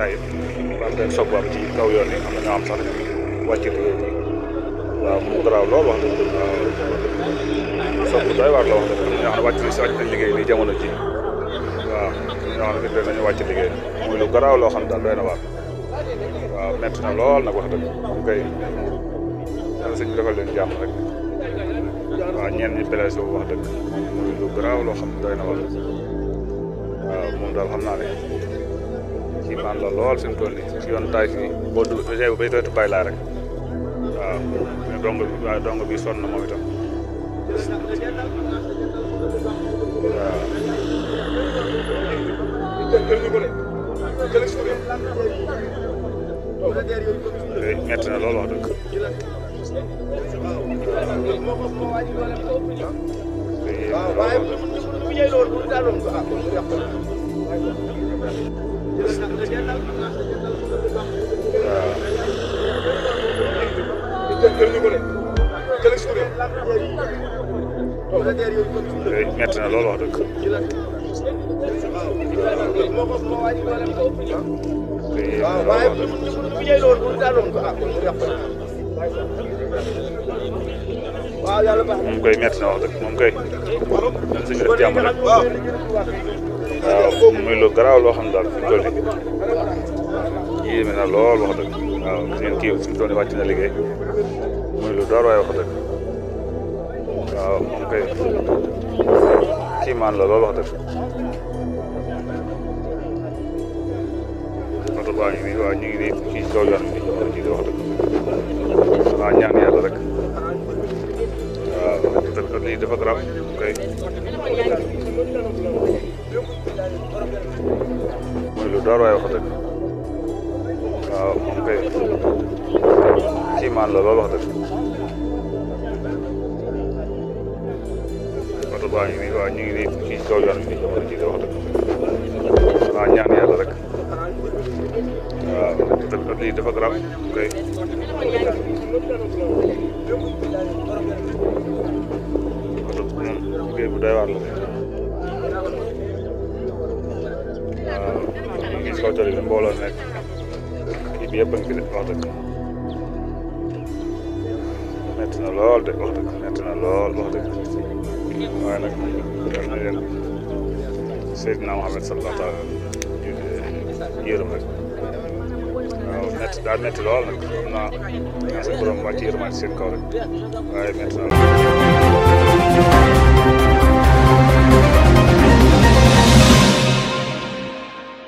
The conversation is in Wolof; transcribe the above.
gaay yëpp am benn soog bu am ci kaw yoon am sax dañu wàcceeku yooyu waaw mu garaaw lool wax dëgg soog bu doy waar la wax dëgg am na ñoo xam ne wàcc nañ si wàcc nañ liggéey nii jamono ji waaw ñoo xam ne nit nañu wàcc liggéey muy lu garaaw loo xam daal doy na waar waaw na lool nag wax da moom kay yàlla sëñ bi wax dëgg muy lu garaaw loo daal xam naa ne ci man lool fi mu toll nii si yoon taay fii boo du bay toytu bay laa rek waaw mais dong bi waaye dong na moom itam waaw jël ko na loolu wax dëgg. moom koy metti na wax dëgg moom koy. nañ si def jàmm waaw muy lu garaaw loo xam daal fi mu toll yéeme na lool wax dëgg waaw seen kii suñu doon wàcc na lu door waaye wax dëgg waaw moom kay kii maan la lool wax dëgg oto baa ngi nii waaw ñu ngi nii lu door waaye kéemaan la loolu wax dëgg oto baa ngi nii waaw ñu ngi nii ci kaw yoon bi jamono ji de wax dëgg waaw ñaan yàlla rek waaw lii dafa garab kay oto bi moom liggéey bu doy waar la waaw ñu ngi si kaw tali bi mbooloo nekk kii bi yëpp a ngi fi wax dëgg métti na lool de wax dëgg métti na lool wax dëgg waaye nag def na leen Seydina Mohamed sallallahu taala yërëm rek waaw métti daal métti lool nag xam naa ñaan sa borom wàcc yërëmaat seen kaw rek waaye métti na lool